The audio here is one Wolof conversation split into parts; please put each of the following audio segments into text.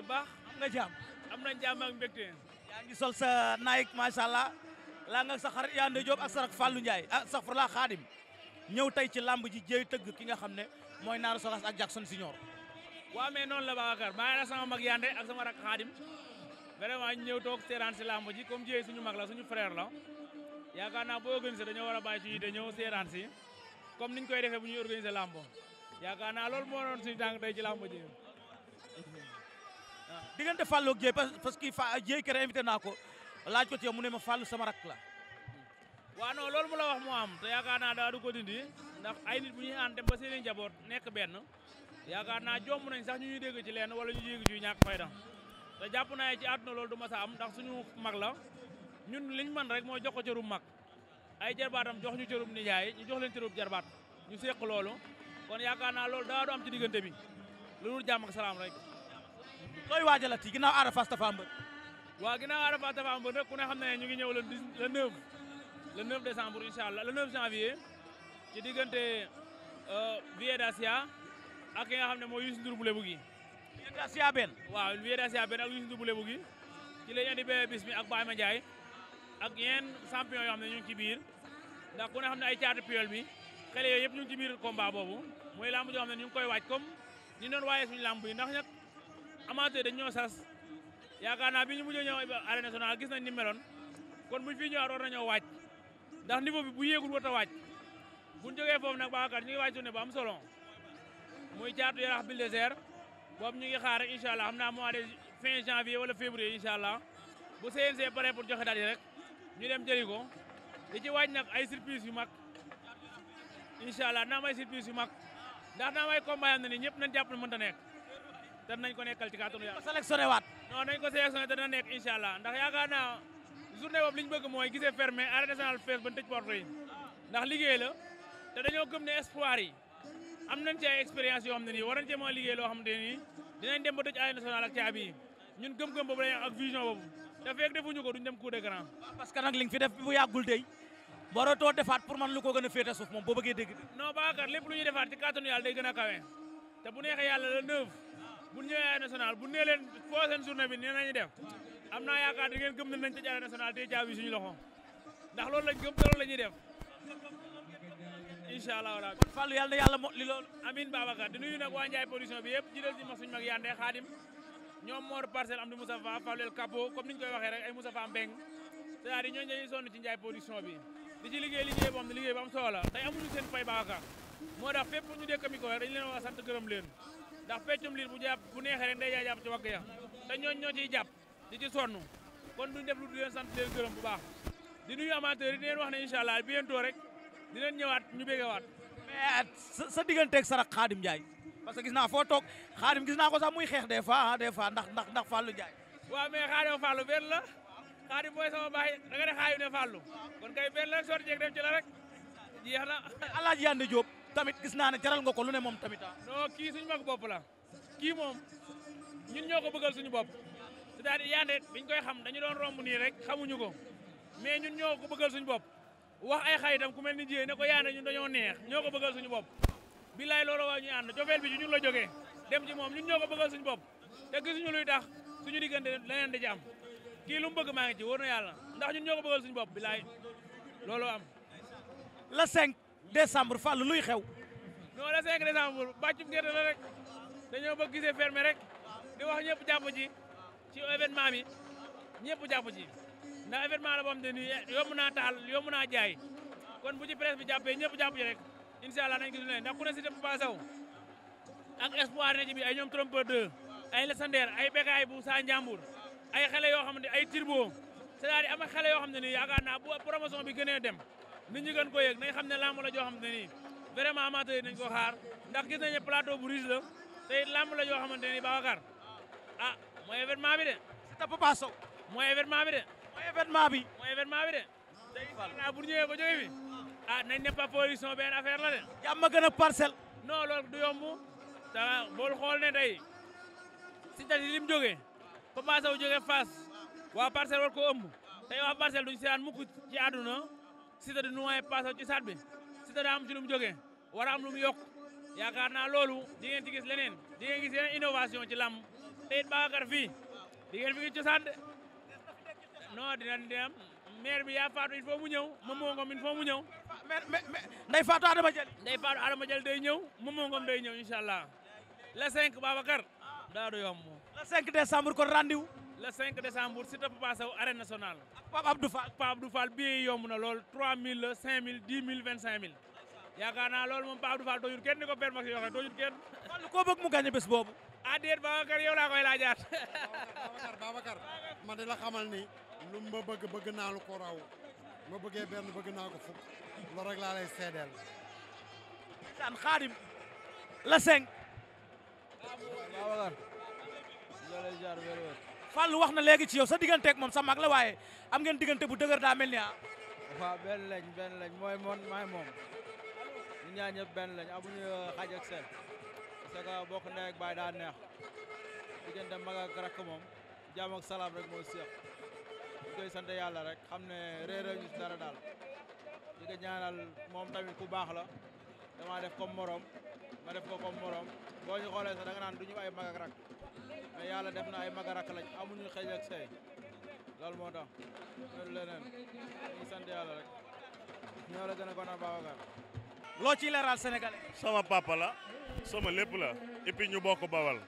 bu baax. am nga jàmm am nañ jàmm ak mbégte. yaa ngi sol sa Nike macha allah laa nga sa xarit Yande Diop ak sa rak Fallou Ndiaye ah safrala Xaadim ñëw tey ci làmb ji jéey tëgg ki nga xam ne mooy Narou Sogas ak Jackson Senior. waaw mais noonu la Babacar maa ngi la sama mag Yande ak sama rak Xaadim vraiment ñu ñëw toog seeraan si làmb ji comme jéey suñu mag la suñu frère la yaakaar naa boo organisé dañoo war a bàyyi suñu de ñëw seeraan si comme niñ koy defee bu ñuy organisé làmb yaakaar naa loolu moo doon suñu tànk tey diggante Fallou ak Dieye parce que fa Dieye kere invité naa ko laaj ko ci mu ne ma Fallou sama rak la. waa non loolu mu la wax mu am te yaakaar naa daa du ko dindi ndax ay nit bu ñuy ànd dem ba seen njaboot nekk benn yaakaar naa jomb nañ sax ñu ñuy dégg ci leen wala ñu dégg ci ñàkk fayda te jàpp naa ci àdduna loolu du ma sa am ndax suñu mag la ñun liñ man rek mooy jox ko cërum mag ay jarbaatam jox ñu cërum nijaay ñu jox leen cërum jarbaat ñu seq loolu kon yaakaar naa loolu daa du am ci diggante bi lu jàmm ak looy waajalati ginnaaw Ada Fass Tapha Mbeur. waaw ginnaaw Ada Fass Tapha Mbeur xam ne ñu ngi ñëw le le 9 le 9 décembre incha allah le 9 janvier ci diggante Vieux ak ki nga xam ne mooy Youssou Ndour bu Lebu gi. Vieux Dacia benn. waaw Vieux Dacia benn ak Youssou Ndour bu Lebu gi ci la bee bis ak Baye Mandiaye ak yeneen champion yoo xam ne ñu ngi ci biir ndax ku ne xam ne ay caatu piol bi xale yooyu yëpp ñu ngi ci biir combat boobu mooy lamb joo xam ne ñu koy waaj comme ñu doon waayee suñu amateur dañ ñoo sas yaakaar naa bi ñu mujjee ñëw arène nationale gis nañ ni meloon kon buñ fi ñëwaat nañoo waaj ndax niveau bi bu yéegul war a waaj bu jógee foofu nag baaxkat ñu ngi waaj ne bu am solo muy caatu yaraax bil désert boobu ñu ngi xaar rek incha allah xam naa mois de fin janvier wala février incha allah bu CNG pare pour joxe daal rek ñu dem jëli ko di ci waaj nag ay surprise yu mag incha allah naa may surprise yu mag ndax naa may combat na ni ñëpp nañ jàpp ne mën ta nekk te nañ ko nekkal ci kàttanu yàlla. sélectionné waat. non nañ ko sélectionné te dina nekk incha ndax yaakaar naa journée boobu li bëgg mooy gisee fermé arrêté national fees ba ñu tëj yi ndax liggéey la te dañoo gëm ne espoir yi am na ci ay expérience yoo xam ne nii war nañ cee mën a liggéey loo xam ne nii dinañ dem ba tëj arrêté national ak caabi yi ñun gëm-gëm boobu lañ ak vision boobu te fekk defuñu ko duñ dem coup de grand. parce que nag li fi def bu yàggul tey waratoo defaat pour man ko gën a féete suuf moom boo bëggee dégg. non Bakar lépp lu a bu ñëwee arène nationale bu nee leen foo seen journée bi nee nañu def am na yaakaar da ngeen gëm ne nañ tëj arène nationale tey suñu loxo ndax loolu lañ gëm te loolu la ñuy def incha allah rabbi kon Fallou yàlla na yàlla mot li loolu amin Babacar di nuyu nag waa Ndiaye production bi yëpp jidal ci ma suñu mag yande Xaadim ñoom Mor Parcelle am di Moussa Fa Fallou El Capo niñ koy waxee rek ay Moussa Fa Mbeng c'est-à-dire ñooñu ci Ndiaye production bi di ci liggéey liggéey boo xam ne liggéey bu am solo ko rek leen wax sant gërëm leen ndax peccum liir bu jàpp bu neexee rek day jaay jàpp ci wagg ya te ñooñ ñoo ciy jàpp di soon sonn kon duñ def lu du leen sant leen gërëm bu baax di nuyu amateur yi di leen wax ne incha allah bientôt rek dinañ waat ñu béggewaat mais sa digganteeg sarak Xaadim jaay parce que gis naa foo toog Xaadim gis naa ko sax muy xeex des fois ah, des fois ndax ndax ndax Fallou Ndiaye waaw mais Xaadim Fallou benn la Xaadim mooy sama baay da nga ne xaayu ne Fallou kon kay benn la sotti jeeg la rek jeex na Alaaji Yande tamit gis naa ne jaral nga ko lu ne moom tamit ah. non kii suñu mag bopp la kii moom ñun ñoo ko bëggal suñu bopp c'est-à-dire Yandé biñ koy xam dañu doon romb nii rek xamuñu ko mais ñun ñoo ko bëggal suñ bopp wax ay xaritam ku mel ni Dieye ne ko Yandé ñun dañoo neex ñoo ko bëggal suñu bopp. billaay loolu waa ñuy ànd jofeel bi ci ñun la jógee dem ci moom ñun ñoo ko bëggal suñu bopp te suñu luy tax suñu diggante leneen di ci am kii lu mu bëgg maa ngi ci wóor na yàlla ndax ñun ñoo ko bëggal suñu bopp billaay loolu am la 5 décembre Fallou luy xew. non la 5 décembre bàccum gerte la rek dañoo bëgg gisee fermé rek di wax ñëpp jàpp ji ci événement bi ñëpp jàpp ji ndax événement la boo xam ne nii yomb naa taal yomb naa jaay kon bu ci presse bi jàppee ñëpp jàpp ji rek incha allah nañ gis lu ne ndax ku ne si dem Papa Sow ak espoir ne ci ay ñoom trompeur 2 ay lesandeer ay bekaay bu saa njàmbur ay xale yoo xam ne ay turbo c'est-à-dire am xale yoo xam ne nii yaakaar naa bu promotion bi gënee dem. nit ñi gën ko yëg nañ xam ne làmb la joo xam ne nii vraiment amateur yi nañ ko xaar ndax gis nañ ne plateau bu riche la te it làmb la joo xamante ni Babacar a ah mooy événement bi de. c'est Papa Sow. mooy événement bi de. mooy événement bi. mooy événement bi de. tey xanaa bu ñëwee ba jógee bi ah nañ ne de. jàmm gën a parcelle. non du yomb da bool xool ne tey si tali li mu jógee Papa Sow jógee Fass waa parcelle war ko ëmb tey waa parcelle duñ seetaan mukk ci àdduna. Siteu di noyé passé ci saat bi Siteu daa am ci lu mu jógee war a am lu yokk yaakaar naa loolu di ngeen ci gis leneen di ngeen gis yeneen ci lam te it Babacar fii di ngeen cosaan de non dinañ dem maire bi yaa faatu il faut mu ñëw Momo Ngom il faut mu ñëw. nday faatu Adama Jël nday faatu Adama Jël day ñëw Momo Ngom day ñëw incha allah le 5 Babacar daa du yomb. le 5 décembre kon rendez le cinq décembre Siteu Papa Sow arène nationale. ak Pape Abdou Fall. Pape Abdou Fall billet yi yomb na lool 3000 la 5000 10000 25000. yaakaar naa loolu moom Pape Abdou Fall tojul kenn ni ko père Maxime waxee tojul kenn. Fall koo bëgg mu gagné bés boobu. ah déet Babacar yow laa koy laajaat. man de xamal ni. lu ma bëgg bëgg naa lu ko raw. ma bëggee benn bëgg naa ko fukk. loolu laa lay seedeel. Fallou wax na léegi ci yow sa digganteek moom sa mag la waaye am ngeen diggante bu dëgër daa mel ni ah. waaw benn lañ benn lañ mooy moom maay moom ñun ñaar ñëpp benn lañ amuñu xaj ak seen parce bokk ndey ak baay daa neex diggante mag ak moom jaam ak salaam rek moo seex ñu koy sant yàlla rek xam ne réeréer ñu dara daal di ko moom tamit ku baax la. damaa def comme morom ma def ko comme morom boo ñu xoolee sax da nga naan du ñu ay mag ak rak mais yàlla def na ay mag ak rak lañ amuñu xëy ak sey loolu moo tax loolu leneen ñu sant yàlla rek ñoo la gën a kontaan Babacar. loo ciy leeral Sénégalais. sama papa la sama lépp la et puis ñu bokk bawal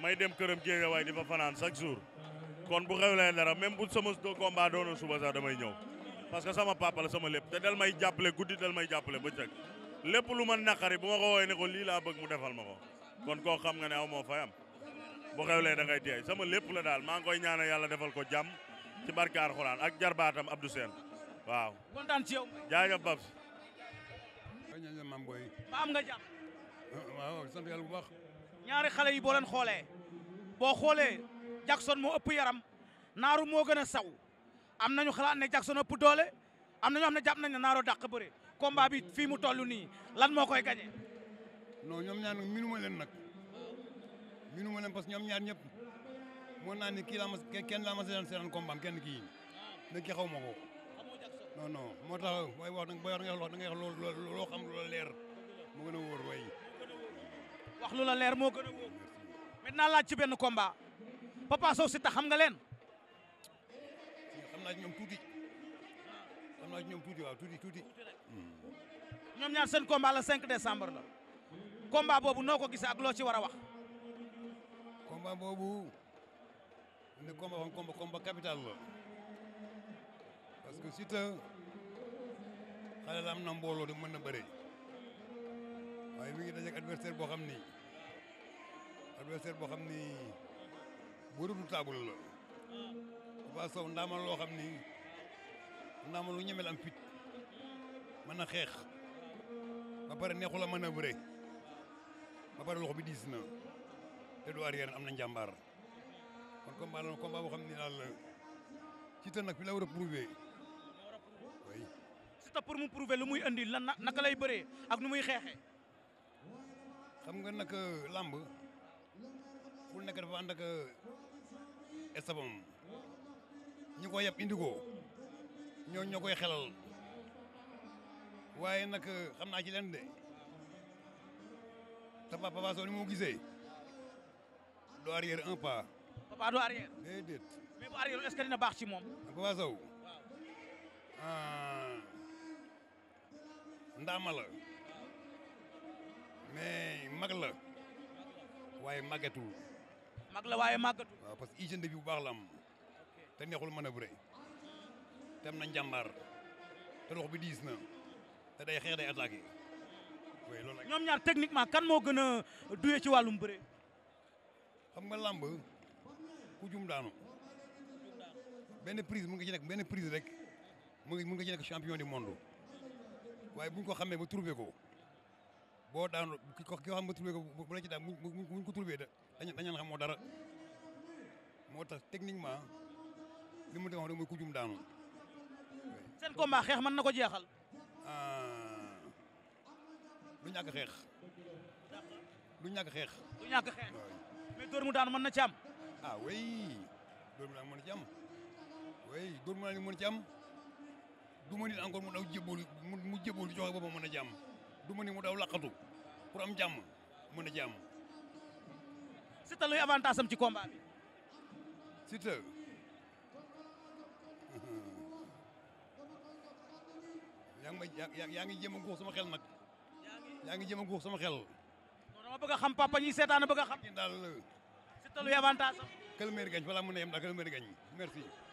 may dem këram Géejawaay di fa fanaan chaque jour kon bu xewlee dara même bu sama combat doona suba sax damay ñëw parce que sama papa la sama lépp te dal may jàppale guddi dal may jàppale bëccëg. lépp lu man naqari bu ma ko woowee ne ko lii laa bëgg mu defal ma ko kon koo xam nga ne aw moo fayam bu xewlee da ngay teey sama lépp la daal maa ngi koy ñaanal yàlla defal ko jàmm ci barke Alxuraan ak jarbaatam Abdou Seen waaw. kontaan ci yow. jaajëf Babs. ba am nga jàmm. waaw sant yàlla bu baax. ñaari xale yi boo leen xoolee. boo xoolee Jackson moo ëpp yaram naaru moo saw am nañu xalaat ne Jackson ëpp doole am na am na ne nañu nañ ne naaru dàq bëre. combat bi fii mu toll nii lan moo koy gagné. non ñoom ñaan nag ma leen nag minu ma leen parce que ñoom ñaar ñëpp mën naa ni kii la ma kenn laa ma seetaan seetaan combat kenn kii nag ki xaw ma ko non non moo tax booy wax booy wax da ngay wax loo xam loo leer moo gën a way wax lu leer moo gën a wóor laaj ci benn combat Papa Sow Siteu xam nga leen. xam naa ñoom man maa ñëw tuuti waaw tuuti tuuti. ñoom ñaar seen combat la 5 décembre la. combat boobu noo ko gisee ak loo ci war a wax. combat boobu ne combat woon combat combat la parce que Siteu xale la am na mbooloo de mën na bëre waaye mi ngi dajeeg adversaire boo xam ni adversaire boo xam ni bu rëbb table la. Papa Sow ndaamal loo xam ni. mën naa am lu ñemel fit mën na xeex ba pare neexul a mën a bëre ba pare loxo bi diis na te du arrière am na njàmbaar kon combat la combat boo xam ne daal ci te nag fi la war a prouver oui. Siteu pour mu prouver lu muy andi lan naka lay bëree ak nu muy xeexee. xam nga nag euh, làmb fu nekk dafa ànd ak euh, estafam ñi ko yab indi ñooñu ñoo koy xelal waaye nag euh, xam naa ci leen de te Papa Sow ni mu gisee du arrière un pas. Papa du arrière. déedéet. mais bu dina baax ci moom. Papa Sow. Ah. ndaama la mais mag la waaye màggatul. mag la waaye màggatul. waaw parce que hygiène de bu baax lam am te neexul mën a bëre. te am na njàmbaar te loxo bi diis na te day xeex day attaqué oui loolu la. ñoom ñaar techniquement kan moo gën a duye ci wàllum bëre. xam nga làmb ku jum daanu benn prise mu ngi ci nekk benn prise rek mu ngi mu ngi ci nekk champion du monde waaye buñ ko xamee ba trouvé ko boo daanu ki ko xam ba trouvé ko bu la ci daan buñ ko trouvé da dañu xamoo dara moo tax techniquement li mu defoon rek mooy ku jum daanu. seen combat xeex mën na ko jeexal. Ah. du ñàkk xeex. du ñàkk xeex. du ñàkk xeex mu daanu mën na ci am. ah oui dóor mu daanu mën na ci am oui mën na ci am du ma mu daw jébbalu mu jébbalu joxe boppam mën na ci du ma nit mu daw laqatu pour am jàmm mën na ci am. luy avantage ci combat bi. Siteu. ngi may yaa ngi jëm a guux sama xel nag yaa ngi jëm a guux sama xel. non dama bëgg a xam papa ñi seetaan bëgg a xam. daal. si talu avantage am. kël meer gañ fa laa mën yem daal kël meer gañ merci.